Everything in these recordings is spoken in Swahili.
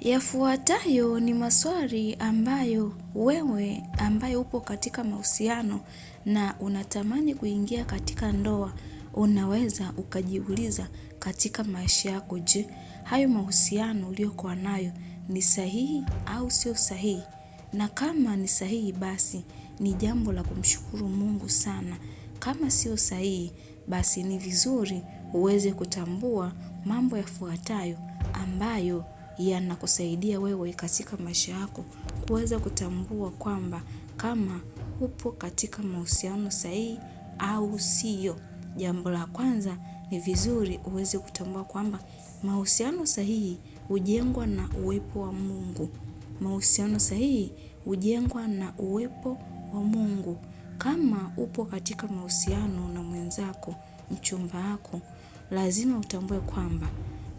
Yafuatayo ni maswali ambayo wewe ambaye upo katika mahusiano na unatamani kuingia katika ndoa unaweza ukajiuliza katika maisha yako je, hayo mahusiano uliyokuwa nayo ni sahihi au sio sahihi? Na kama ni sahihi basi ni jambo la kumshukuru Mungu sana. Kama sio sahihi basi ni vizuri uweze kutambua mambo yafuatayo ambayo yanakusaidia wewe katika maisha yako kuweza kutambua kwamba kama upo katika mahusiano sahihi au siyo. Jambo la kwanza ni vizuri uweze kutambua kwamba mahusiano sahihi hujengwa na uwepo wa Mungu. Mahusiano sahihi hujengwa na uwepo wa Mungu. Kama upo katika mahusiano na mwenzako, mchumba wako, lazima utambue kwamba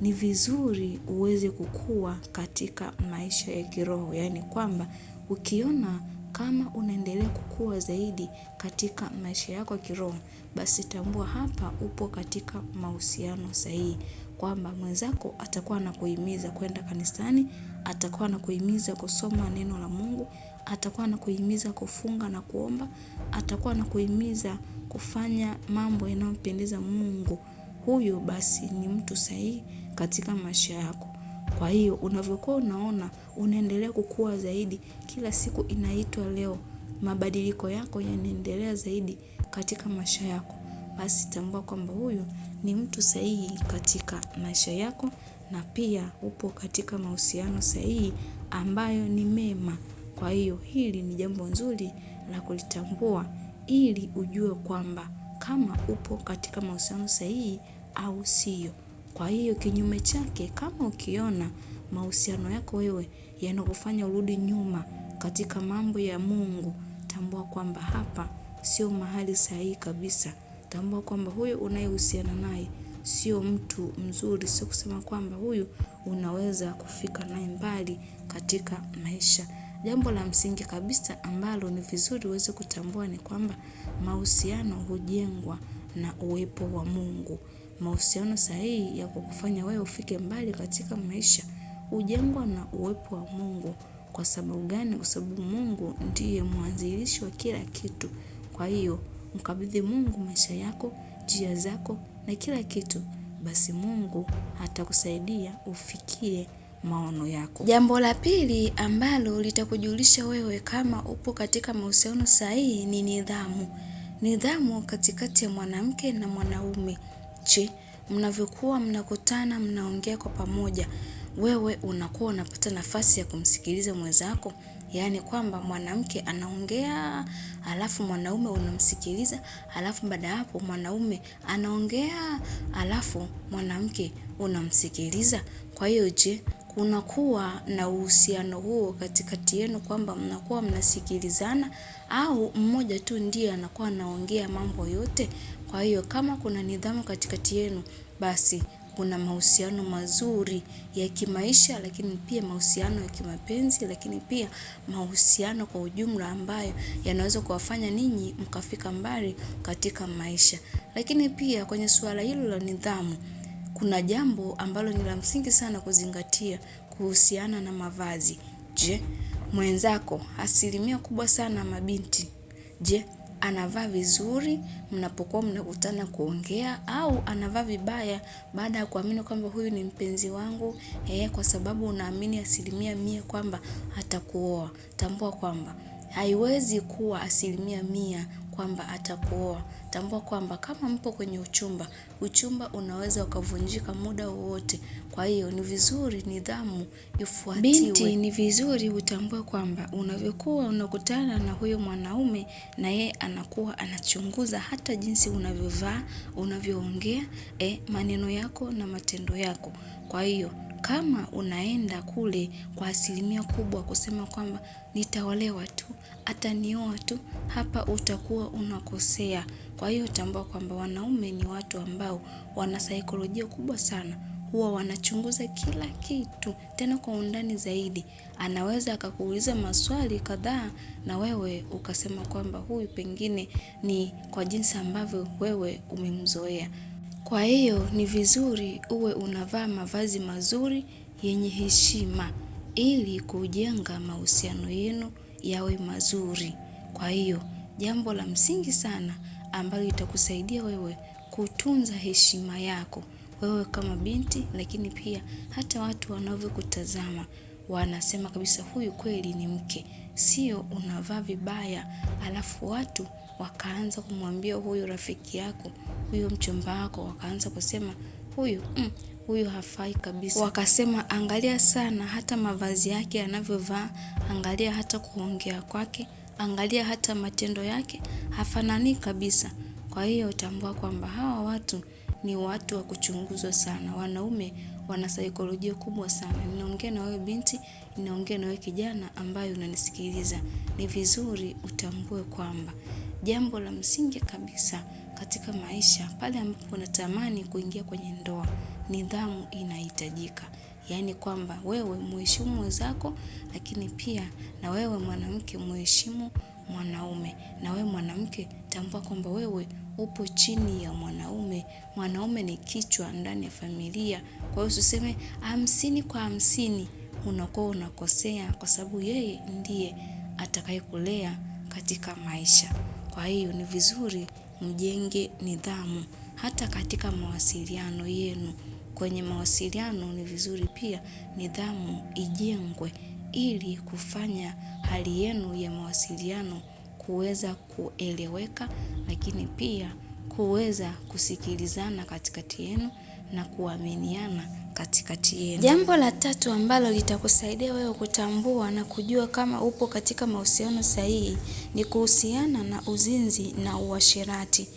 ni vizuri uweze kukua katika maisha ya kiroho. Yaani kwamba ukiona kama unaendelea kukua zaidi katika maisha yako ya kiroho, basi tambua hapa upo katika mahusiano sahihi. Kwamba mwenzako atakuwa anakuhimiza kwenda kanisani, atakuwa anakuhimiza kusoma neno la Mungu, atakuwa anakuhimiza kufunga na kuomba, atakuwa anakuhimiza kufanya mambo yanayompendeza Mungu. Huyo basi ni mtu sahihi katika maisha yako. Kwa hiyo unavyokuwa unaona unaendelea kukua zaidi kila siku inaitwa leo mabadiliko yako yanaendelea zaidi katika maisha yako. Basi tambua kwamba huyu ni mtu sahihi katika maisha yako na pia upo katika mahusiano sahihi ambayo ni mema. Kwa hiyo hili ni jambo nzuri la kulitambua ili ujue kwamba kama upo katika mahusiano sahihi au siyo. Kwa hiyo kinyume chake, kama ukiona mahusiano yako wewe yanakufanya urudi nyuma katika mambo ya Mungu, tambua kwamba hapa sio mahali sahihi kabisa. Tambua kwamba huyu unayehusiana naye sio mtu mzuri, sio kusema kwamba huyu unaweza kufika naye mbali katika maisha. Jambo la msingi kabisa ambalo ni vizuri uweze kutambua ni kwamba mahusiano hujengwa na uwepo wa Mungu. Mahusiano sahihi ya kukufanya wewe ufike mbali katika maisha hujengwa na uwepo wa mungu. Kwa sababu gani? Kwa sababu mungu ndiye mwanzilishi wa kila kitu. Kwa hiyo, mkabidhi mungu maisha yako, njia zako na kila kitu. Basi mungu atakusaidia ufikie maono yako. Jambo la pili ambalo litakujulisha wewe kama upo katika mahusiano sahihi ni nidhamu. Nidhamu katikati ya mwanamke na mwanaume nchi, mnavyokuwa mnakutana mnaongea kwa pamoja, wewe unakuwa unapata nafasi ya kumsikiliza mwenzako. Yaani kwamba mwanamke anaongea alafu mwanaume unamsikiliza alafu baada ya hapo mwanaume anaongea alafu mwanamke unamsikiliza. Kwa hiyo je, kunakuwa na uhusiano huo katikati yenu kwamba mnakuwa mnasikilizana au mmoja tu ndiye anakuwa anaongea mambo yote. Kwa hiyo kama kuna nidhamu katikati yenu, basi kuna mahusiano mazuri ya kimaisha lakini pia mahusiano ya kimapenzi lakini pia mahusiano kwa ujumla ambayo yanaweza kuwafanya ninyi mkafika mbali katika maisha. Lakini pia kwenye suala hilo la nidhamu, kuna jambo ambalo ni la msingi sana kuzingatia kuhusiana na mavazi. Je, mwenzako asilimia kubwa sana mabinti. Je, anavaa vizuri mnapokuwa mnakutana kuongea au anavaa vibaya baada ya kuamini kwamba huyu ni mpenzi wangu eh, kwa sababu unaamini asilimia mia kwamba atakuoa. Tambua kwamba haiwezi kuwa asilimia mia kwamba atakuoa. Tambua kwamba kama mpo kwenye uchumba, uchumba unaweza ukavunjika muda wowote. Kwa hiyo ni vizuri nidhamu ifuatiwe. Binti, ni vizuri utambue kwamba unavyokuwa unakutana na huyo mwanaume, na yeye anakuwa anachunguza hata jinsi unavyovaa, unavyoongea, eh, maneno yako na matendo yako. Kwa hiyo kama unaenda kule kwa asilimia kubwa kusema kwamba nitaolewa tu, atanioa tu, hapa utakuwa unakosea. Kwa hiyo tambua kwamba wanaume ni watu ambao wana saikolojia kubwa sana. Huwa wanachunguza kila kitu tena kwa undani zaidi. Anaweza akakuuliza maswali kadhaa na wewe ukasema kwamba huyu pengine ni kwa jinsi ambavyo wewe umemzoea. Kwa hiyo ni vizuri uwe unavaa mavazi mazuri yenye heshima ili kujenga mahusiano yenu yawe mazuri. Kwa hiyo, jambo la msingi sana ambalo itakusaidia wewe kutunza heshima yako. Wewe kama binti lakini pia hata watu wanavyokutazama wanasema kabisa huyu kweli ni mke, sio unavaa vibaya alafu watu wakaanza kumwambia huyu rafiki yako, huyu mchumba wako, wakaanza kusema huyu mm, huyu hafai kabisa. Wakasema angalia sana hata mavazi yake anavyovaa, angalia hata kuongea kwake, angalia hata matendo yake, hafanani kabisa. Kwa hiyo utambua kwamba hawa watu ni watu wa kuchunguzwa sana. Wanaume wana saikolojia kubwa sana. Ninaongea na wewe binti, ninaongea na wewe kijana ambaye unanisikiliza. Ni vizuri utambue kwamba jambo la msingi kabisa katika maisha, pale ambapo unatamani kuingia kwenye ndoa, nidhamu inahitajika. Yaani kwamba wewe muheshimu mwenzako, lakini pia na wewe mwanamke muheshimu mwanaume, na wewe mwanamke tambua kwamba wewe upo chini ya mwanaume. Mwanaume ni kichwa ndani ya familia. Kwa hiyo usiseme hamsini kwa hamsini, unakuwa unakosea, kwa sababu yeye ndiye atakayekulea katika maisha. Kwa hiyo ni vizuri mjenge nidhamu hata katika mawasiliano yenu. Kwenye mawasiliano ni vizuri pia nidhamu ijengwe ili kufanya hali yenu ya mawasiliano kuweza kueleweka, lakini pia kuweza kusikilizana katikati yenu na kuaminiana katikati yenu. Jambo la tatu ambalo litakusaidia wewe kutambua na kujua kama upo katika mahusiano sahihi ni kuhusiana na uzinzi na uasherati.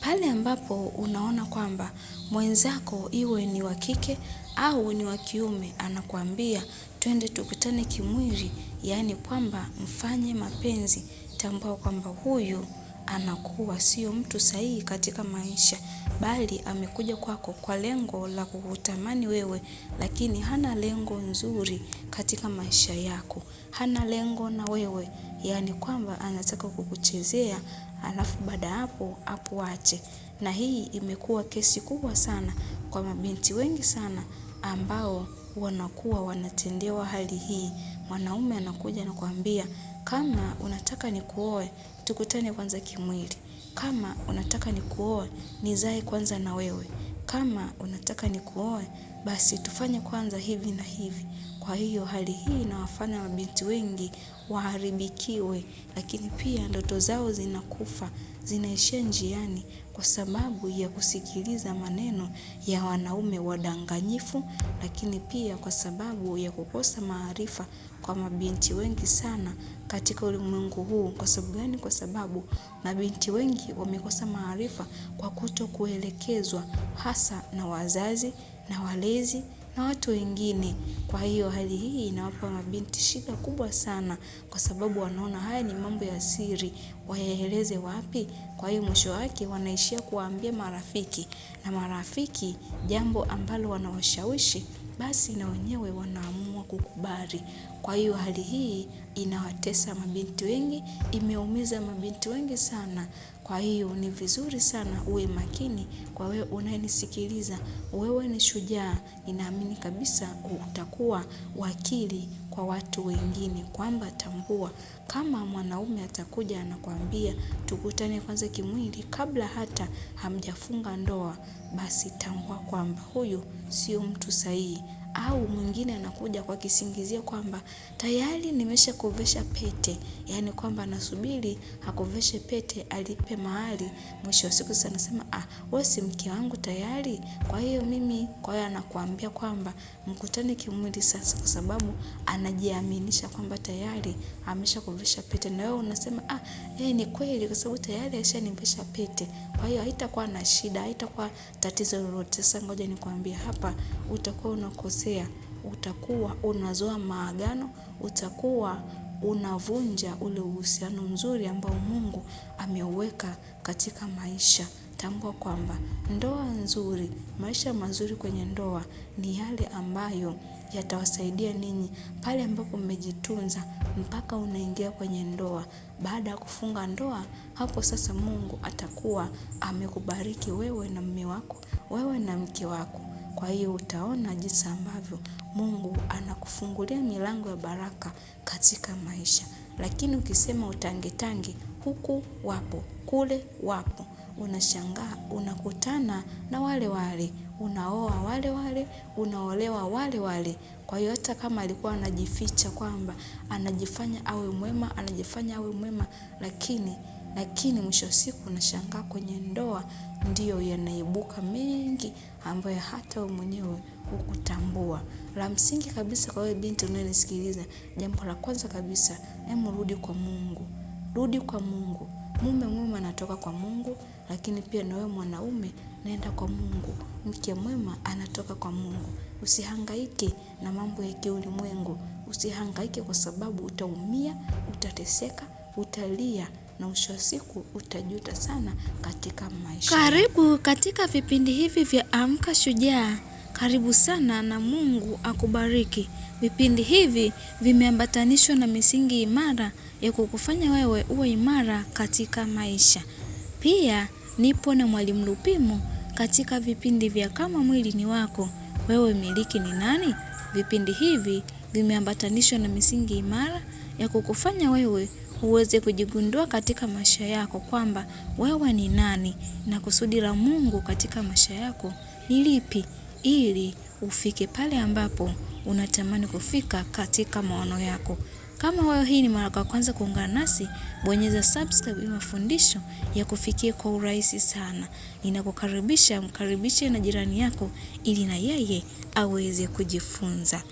Pale ambapo unaona kwamba mwenzako iwe ni wa kike au ni wa kiume, anakuambia twende tukutane kimwili, yaani kwamba mfanye mapenzi kutambua kwamba huyu anakuwa sio mtu sahihi katika maisha, bali amekuja kwako kwa lengo la kukutamani wewe, lakini hana lengo nzuri katika maisha yako, hana lengo na wewe, yaani kwamba anataka kukuchezea, alafu baada hapo akuache. Na hii imekuwa kesi kubwa sana kwa mabinti wengi sana ambao wanakuwa wanatendewa hali hii mwanaume anakuja kuambia, kama unataka nikuoe tukutane kwanza kimwili kama unataka nikuoe nizae kwanza na wewe kama unataka nikuoe basi tufanye kwanza hivi na hivi kwa hiyo hali hii inawafanya mabinti wengi waharibikiwe lakini pia ndoto zao zinakufa zinaishia njiani kwa sababu ya kusikiliza maneno ya wanaume wadanganyifu lakini pia kwa sababu ya kukosa maarifa kwa mabinti wengi sana katika ulimwengu huu. Kwa sababu gani? Kwa sababu mabinti wengi wamekosa maarifa kwa kuto kuelekezwa hasa na wazazi na walezi na watu wengine. Kwa hiyo hali hii inawapa mabinti shida kubwa sana, kwa sababu wanaona haya ni mambo ya siri, wayaeleze wapi? Kwa hiyo mwisho wake wanaishia kuwaambia marafiki, na marafiki jambo ambalo wanawashawishi, basi na wenyewe wanaamua kukubali. Kwa hiyo hali hii inawatesa mabinti wengi, imeumiza mabinti wengi sana. Kwa hiyo ni vizuri sana uwe makini. Kwa wewe unayenisikiliza, wewe ni shujaa, ninaamini kabisa utakuwa wakili kwa watu wengine, kwamba tambua kama mwanaume atakuja anakuambia tukutane kwanza kimwili kabla hata hamjafunga ndoa, basi tambua kwamba huyu sio mtu sahihi au mwingine anakuja kwa kisingizio kwamba tayari nimesha kuvesha pete, yaani kwamba nasubiri akuveshe pete alipe mahari. Mwisho wa siku sasa anasema ah, wewe si mke wangu tayari, kwa hiyo mimi. Kwa hiyo anakuambia kwamba mkutane kimwili sasa, kwa sababu anajiaminisha kwamba tayari amesha kuvesha pete, na wewe unasema ah, eh, ni kweli, kwa sababu tayari alishanivesha pete, kwa hiyo haitakuwa na shida, haitakuwa tatizo lolote. Sasa ngoja nikwambie hapa, utakuwa unakosa kukosea, utakuwa unazoa maagano, utakuwa unavunja ule uhusiano mzuri ambao Mungu ameuweka katika maisha. Tambua kwamba ndoa nzuri, maisha mazuri kwenye ndoa ni yale ambayo yatawasaidia ninyi pale ambapo mmejitunza mpaka unaingia kwenye ndoa. Baada ya kufunga ndoa, hapo sasa Mungu atakuwa amekubariki wewe na mume wako, wewe na mke wako. Kwa hiyo utaona jinsi ambavyo Mungu anakufungulia milango ya baraka katika maisha. Lakini ukisema utangetange, huku wapo, kule wapo, unashangaa unakutana na wale wale, unaoa wale wale, unaolewa wale wale. Kwa hiyo hata kama alikuwa anajificha kwamba anajifanya awe mwema, anajifanya awe mwema, lakini lakini mwisho wa siku unashangaa kwenye ndoa ndiyo yanaibuka mengi ambayo hata wewe mwenyewe hukutambua. La msingi kabisa kwa wewe binti unayenisikiliza, jambo la kwanza kabisa, hemu rudi kwa Mungu, rudi kwa Mungu. Mume mwema anatoka kwa Mungu, lakini pia na wewe mwanaume naenda kwa Mungu. Mke mwema anatoka kwa Mungu. Usihangaike na mambo ya kiulimwengu, usihangaike kwa sababu utaumia, utateseka, utalia na mwisho wa siku utajuta sana katika maisha. Karibu katika vipindi hivi vya Amka Shujaa. Karibu sana na Mungu akubariki. Vipindi hivi vimeambatanishwa na misingi imara ya kukufanya wewe uwe imara katika maisha. Pia nipo na Mwalimu Lupimo katika vipindi vya Kama Mwili ni Wako, Wewe Miliki ni Nani. Vipindi hivi vimeambatanishwa na misingi imara ya kukufanya wewe uweze kujigundua katika maisha yako kwamba wewe ni nani na kusudi la Mungu katika maisha yako ni lipi, ili ufike pale ambapo unatamani kufika katika maono yako. Kama wewe hii ni mara ya kwanza kuungana nasi, bonyeza subscribe, mafundisho ya kufikia kwa urahisi sana. Ninakukaribisha, mkaribishe na jirani yako, ili na yeye aweze kujifunza.